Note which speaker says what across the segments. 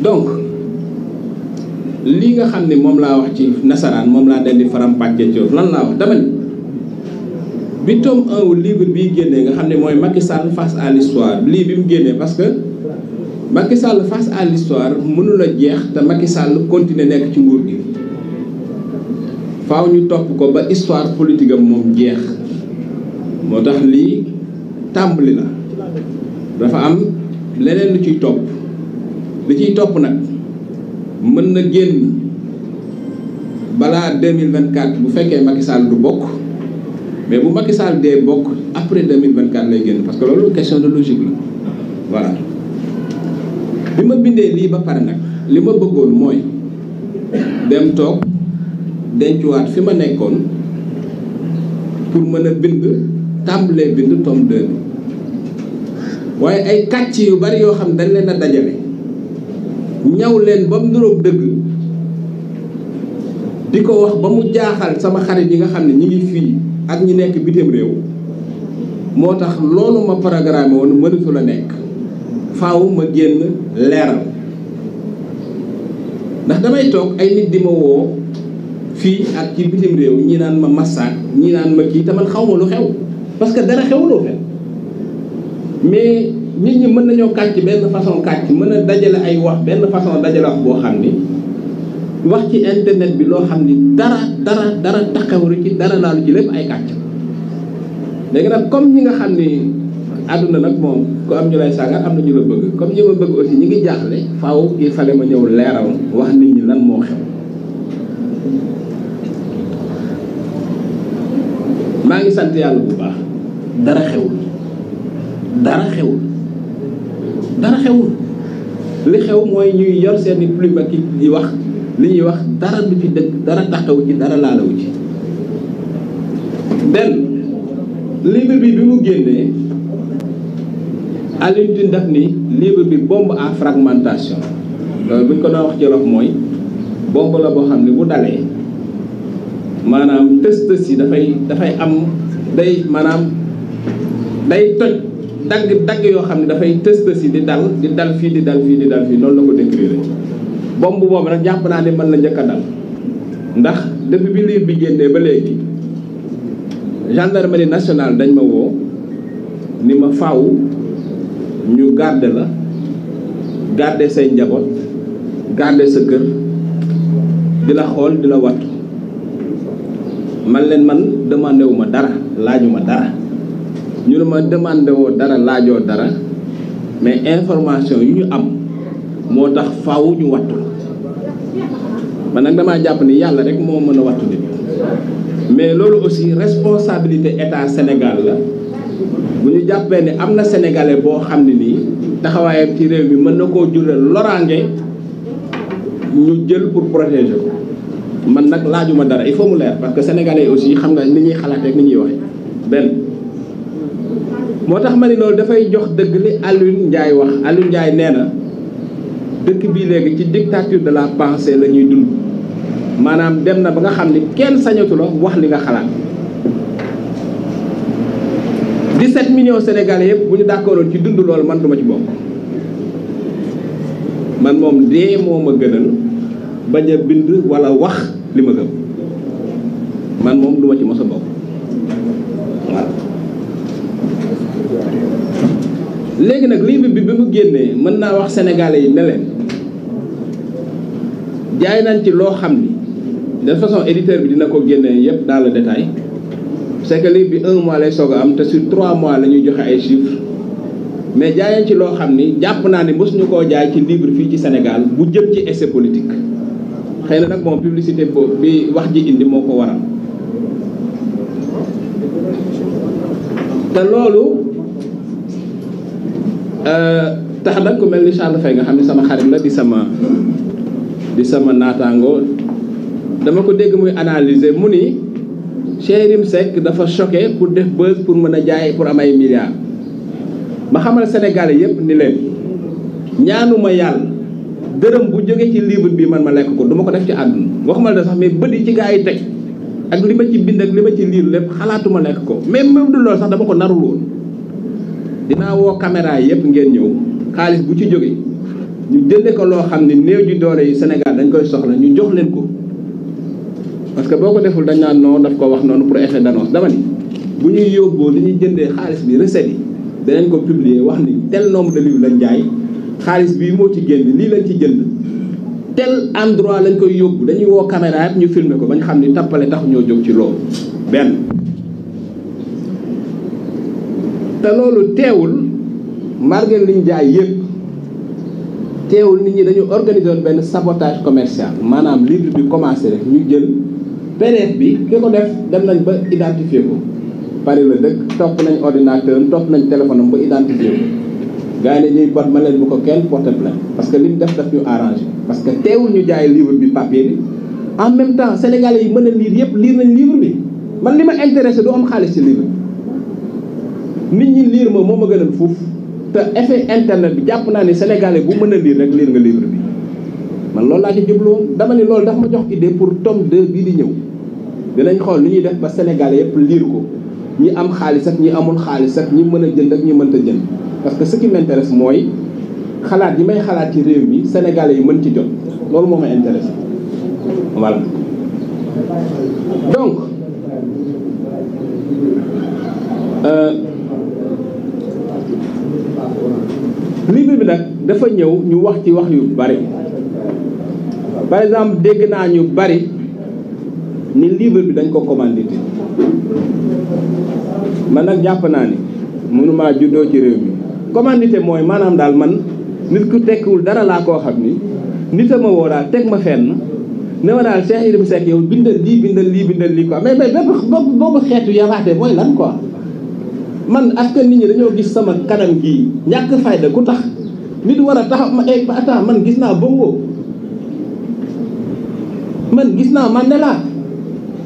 Speaker 1: donc lii nga xam ne moom laa wax ci nasaraan moom laa dellu faram-pàccee ci lan laa wax dama ni bi tom un wu livre bii génnee nga xam ne mooy Macky Sall face à l'histoire lii bi mu génnee parce que Macky sàll face à l'histoire mënul jeex te Macky sàll continuer nekk ci nguur gi faw ñu topp ko ba histoire politique am moom jeex moo tax lii tàmbali la dafa am leneen lu ciy topp li ciy topp nag mën na génn balaa 2024 bu fekkee Macky Sall du bokk mais bu Macky Sall dee bokk après 2024 lay génn parce que loolu question de logique la voilà bi ma bindee lii ba pare nag li ma bëggoon mooy dem toog dencuwaat fi ma nekkoon pour mën a bind tàmbalee bind tome 2 waaye ay kàcc yu bari yoo xam dañ leen a dajale ñaw leen ba mu nuroog dëgg di ko wax ba mu jaaxal sama xarit yi nga xam ne ñi ngi fii ak ñi nekk bitim réew moo tax loolu ma programme woon mënatu la nekk faaw ma génn leeral ndax damay toog ay nit di ma woo fii ak ci bitim réew ñi naan ma massaak ñi naan ma kii te man xaw ma lu xew parce que dara xewloo fen mais nit ñi mën nañoo kàcc benn façon kàcc mën a dajale ay wax benn façon dajale wax boo xam ni wax ci internet bi loo xam ni dara dara dara taxawru ci dara laalu ci lépp ay kàcc léegi nag comme ñi nga xam ni àdduna nag moom ku am ñu lay sàngal am na ñu la bëgg comme ñi ma bëgg aussi ñi ngi jaaxle faaw il fallait ma ñëw leeral wax nit ñi lan moo xew maa ngi sant yàlla bu baax dara xewul dara xewul dara xewul li xew mooy ñuy yor seeni plume ak wax li ñuy wax dara du fi dëkk dara taxawu ci dara laalawu ci benn livre bi bi mu génnee Alioune Tine daf ni livre bi bomb à fragmentation loolu bu ko doon wax ci mooy bombe la boo xam ne bu dalee maanaam tës tës yi dafay dafay am day maanaam day toj dagg dagg yoham xam ne dafay tës tës di dal di dal fii di dal fii di dal fii non la ko décrire bomb boobu nag jàpp naa ne man la njëkk a dal ndax depuis bi liir bi génnee ba léegi gendarmerie nationale dañ ma woo ni ma faaw ñu garde la garde say njaboot garde sa kër di la xool man leen man demandé wu dara dara ñu ne ma woo dara laajoo dara mais information yu ñu am moo tax faw ñu wattu man nag damaa jàpp ni yàlla rek moo mën a wattu nit mais loolu aussi responsabilité état Sénégal la bu ñu jàppee ne am na sénégalais boo xam ne nii taxawaayam ci réew mi mën na koo jural loraange ñu jël pour protéger ko man nag laajuma dara il faut mu leer parce que sénégalais aussi xam nga ni ñuy xalaat ak ni ñuy waxee benn. moo tax ma ne loolu dafay jox dëgg li Alioune Ndiaye wax Alioune Ndiaye nee na dëkk bii léegi ci dictature de la pensée la ñuy dund maanaam dem na ba nga xam ni kenn sañatu la wax li nga xalaat di 17 millions senegal yëpp bu ñu d'accordoon ci dund loolu man duma ci bokk man moom dee moo ma gënal bañ a bind walla wax li ma gëm man moom duma ci mos bokk léegi nag livre bi bi mu génnee mën naa wax sénégalais yi ne leen jaay nañ ci loo xam ni de façon éditeur bi dina ko génnee yépp dans le détail c'est que livre bi un mois lay soga am te sur trois mois la ñuy joxe ay chiffres mais jaay nañ ci loo xam ni ni mosuñu koo jaay ci livre fii ci Sénégal bu jëm ci essai politique xëy na nag publicité bi wax ji indi moko ko waral Eh, tax nag ku mel Charles nga sama xarit la di sama di sama naataango dama ko dégg muy analyser muni, ni sek, Seck dafa choqué pour def buzz pour mën a jaay pour am ay milliards ma xamal Sénégalais yépp ni leen ñaanuma yàlla dërëm bu jógee ci livre bi man ma lekk ko duma ko def ci àdduna waxuma la sax mais bët ci gaa yi ak li ci bind ak ci xalaatuma ko même du sax dama ko narul dinaa woo caméra yëpp ngeen ñëw xaalis bu ci jógee ñu jënde ko loo xam ne néew ji doole yu Sénégal dañ koy soxla ñu jox leen ko parce que boo ko deful dañ naan non daf ko wax noonu pour effet d'annonce dama ni bu ñuy yóbboo li ñuy jëndee xaalis bi recette yi danañ ko publier wax ni tel nombre de livres lañ jaay xaalis bii moo ci génn lii lañ ci jënd tel endroit lañ koy yóbbu dañuy woo caméra yëpp ñu filmer ko ba ñu xam ni tappale tax ñoo jóg ci loolu benn te loolu teewul malgré li ñu jaay yëpp teewul nit ñi dañu organiser benn sabotage commercial maanaam livre bi commencé rek ñu jël PDF bi ki ko def dem nañ ba identifier ko Paris la dëkk topp nañ ordinateur am topp nañ téléphone ba identifier ko gars ma leen bu ko kenn porte la parce que li mu def daf ñu arrangé parce que teewul ñu jaay livre bi papier en même temps sénégalais yi mën a lire yëpp lire nañ livre bi man li ma intéressé du am xaalis ci livre nit ñi liir ma moo ma gënal fuuf te effet internet bi jàpp naa ne sénégalais bu mën a liir rek liir nga livre bi man loolu laa ci jublu woon dama ne loolu dafa ma jox idée pour tome 2 bii di ñëw dinañ xool nu ñuy def ba sénégalais yépp liir ko ñi am xaalis ak ñi amul xaalis ak ñi mën a jënd ak ñi mënta jënd parce que ce qui m'intéresse mooy xalaat yi may xalaat ci réew mi sénégalais yi mën ci jot loolu moo ma intéresse voilà donc. Euh, dafa ñëw ñu wax ci wax yu bari par exemple dégg naa ñu bari ni livre bi dañ ko commandité man ak jàpp naa ni mënumaa juddoo ci réew mi commandité mooy maanaam daal man nit ku tekkiwul dara laa koo xam ni nit a ma woo daal teg ma fenn ne ma daal Cheikh Yérim Seck yow bindal lii bindal lii bindal lii quoi mais mais bépp boobu xeetu yabaate mooy lan ko man ak nit ñi dañoo gis sama kanam gii ñàkk fayda ku tax nit war a taxaw ma eeg eh, attends man gis naa Bongo man gis naa Mandela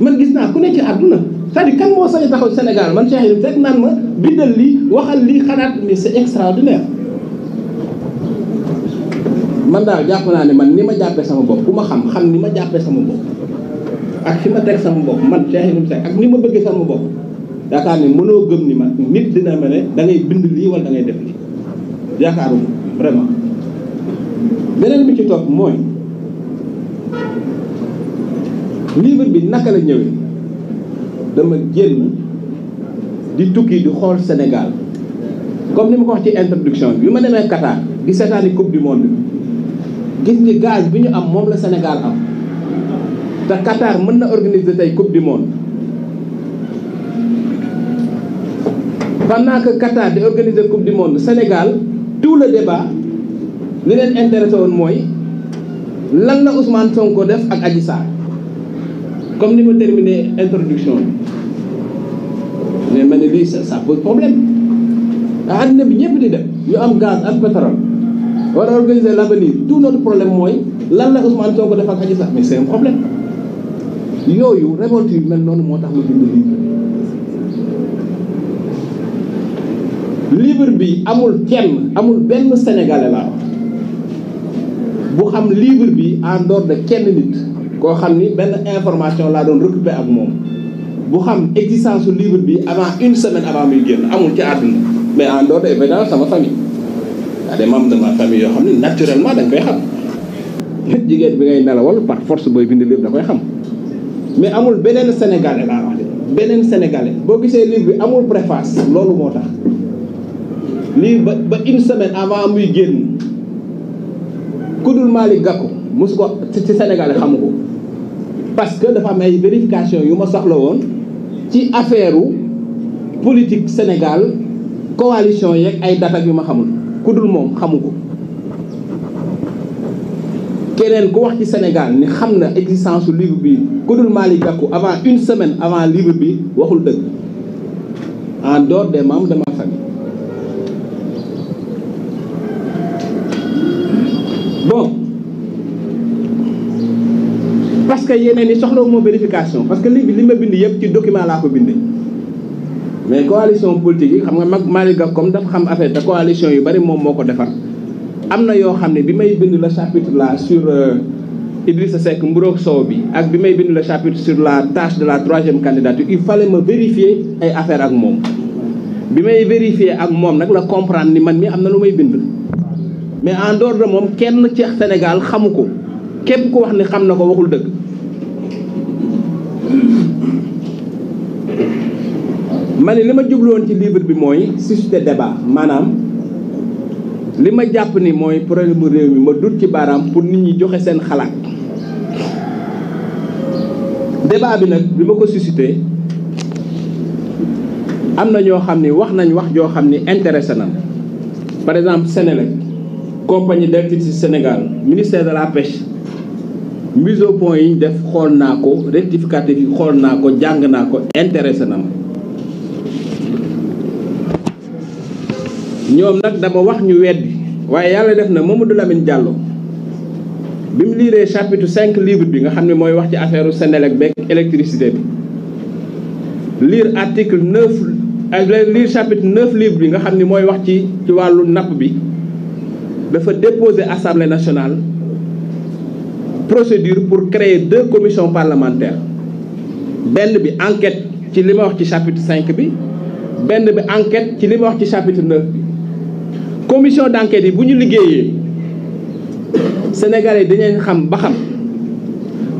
Speaker 1: man gis naa ku ne ci àdduna cest kan moo sañ a taxaw Senegal, man Cheikh Yérim rek naan ma bindal lii waxal lii xalaat mais c'est extraordinaire man daal jàpp naa ne man ni ma jàppee sama bopp ku ma xam xam ni ma jàppee sama bopp ak fi ma teg sama bopp man Cheikh Yérim Seck ak ni ma bëggee sama bopp yaakaar ne mënoo gëm ni ma nit dina ma da ngay bind lii wala da ngay def lii yaakaaruma vraiment beneen bi ci topp mooy livre bi naka la ñëwee dama génn di tukki di xool Sénégal comme ni ma ko wax ci introduction bi ma demee Qatar di seetaani coupe du monde bi gis ni gaz bi ñu am moom la Sénégal am te Qatar mën na organiser tey coupe du monde pendant que Qatar di organiser coupe du monde Sénégal tout le débat li leen intéressé woon mooy lan la son Sonko def ak Adji comme ni ma terminé introduction bi mais ma ne lii ça ça pose problème ah àddina bi ñëpp di def ñu am gaz am pétrole war a organiser l'avenir tout notre problème mooy lan la Ousmane Sonko def ak Adji Sarr mais c'est un problème yooyu révolte yu mel noonu moo tax ma bind livre livre bi amul kenn amul benn sénégalais la bu xam livre bi en dehors de kenn nit koo xam ni benn information laa doon récupérer ak moom bu xam existence livre bi avant une semaine avant muy génn amul ci àdduna mais en dehors de dans sama famille y a des membres de ma famille yoo xam ne naturellement dañ koy xam jigéen bi ngay nelawal par force booy bind livre da koy xam mais amul beneen sénégalais laa wax de beneen sénégalais boo gisee livre bi amul préface loolu moo tax lii ba ba une semaine avant muy génn ku dul Malick Gakou mosu ko ci Sénégal xamu ko parce que dafa am ay vérification yu ma soxla woon ci affaire politique Sénégal coalition yeeg ay data yu ma xamul ku dul moom xamu ko keneen ku wax ci Sénégal ni xam na existence livre bi ku dul Malick Gakou avant une semaine avant livre bi waxul dëgg en dehors des membres de ma famille bon parce que yeneen une mo vérification parce que li li ma bind yépp ci document la ko bindee mais coalition politique yi xam nga mag Malick faire dafa xam affaire ne coalition yu bari moom moo ko defar am na yoo xam ne bi may bind le chapitre là sur euh, Idrissa Seck Mburoog Sow bi ak bi may bind le chapitre sur la tâche de la troisième candidature il fallait me vérifier ay affaire ak moom bi may vérifier ak moom nag la comprendre ni man mi am na lu may bind mais en dehors de moom kenn ci Sénégal xamu ko képp ku wax ni xam na ko waxul dëgg ma ne li ma jubluwoon ci libre bi mooy susciter débat maanaam li ma jàpp ni mooy problème mu réew mi ma dut ci baaraam pour nit ñi joxe seen xalaat débat bi nag bi ma ko susciter am na ñoo xam ni wax nañ wax joo xam ni intéressé na par exemple Sénélec compagnie ci Sénégal ministère de la pêche mise au point yi ñu def xool naa ko rectificatif yi xool naa ko jàng naa ko intéressé na ma ñoom nag dama wax ñu bi waaye yàlla def na Mamadou Lamine Diallo bi mu liiree chapitre cinq libre bi nga xam ne mooy wax ci affaire Sénélec beeg électricité bi lire article neuf lire chapitre neuf livre bi nga xam ni mooy wax ci ci wàllu napp bi Il faut déposer à assemblée nationale procédure pour créer deux commissions parlementaires benn bi enquête ci li ma wax chapitre 5 bi une bi enquête ci li ma wax chapitre 9 bi commission d'enquête, enquête yi bu ñu sénégalais dinañ xam ba xam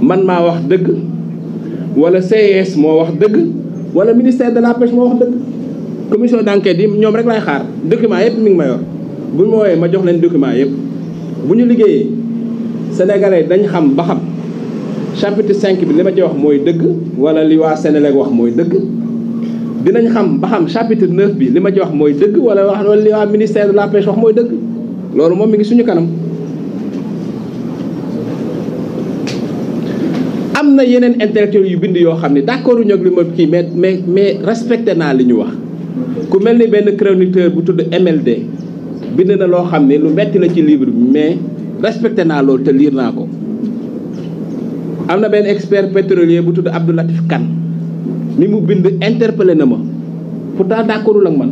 Speaker 1: man maa wax dëgg wala CES moo wax dëgg wala ministère de la pêche moo wax dëgg commission d'enquête, enquête yi ñoom rek lay xaar document yépp mi ngi ma bu ma ma jox leen document yëpp bu ñu liggéeyee sénégalais dañ xam ba xam chapitre 5 bi li ma ci wax mooy dëgg wala li waa Sénélec wax mooy dëgg dinañ xam ba xam chapitre 9 bi li ma ci wax mooy dëgg wala wax wala li waa ministère de la pêche wax mooy dëgg loolu moom mi ngi suñu kanam am na yeneen intellectuels yu bind yoo xam ne d'accord uñu li ma kii mais mais mais respecté naa li ñu wax ku mel ni benn chroniqueur bu tudd MLD bind na loo xam ne lu metti la ci livre bi mais respecté naa loolu te naa ko am na benn expert pétrolier bu tudd Abdou Latif kan, ni mu bind interpellé na ma pourtant d' accordul ak man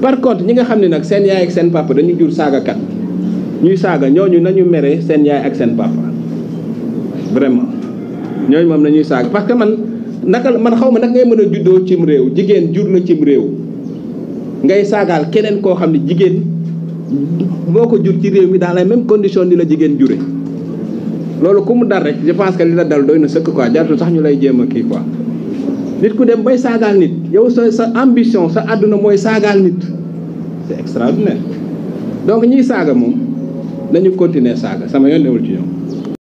Speaker 1: par contre ñi nga xam ne nag seen yaay ak seen papa dañu jur saagakat ñuy saaga ñooñu nañu mere seen yaay ak seen papa vraiment ñooñu moom nañuy saaga parce que man naka man xaw ma nag ngay mën a juddoo cim réew jigéen jur cim réew ngay saagaal keneen koo xam ne jigéen boo ko jur ci réew mi dans les mêmes conditions ni la jigéen jure loolu ku mu dal rek je pense que li la dal doy na sëkk quoi jartu sax ñu lay jéem a kii quoi nit ku dem bay saagaal nit yow sa sa ambition sa àdduna mooy saagaal nit c'est extraordinaire donc ñiy saaga moom dañu continuer saaga sama yoon newul ci ñoom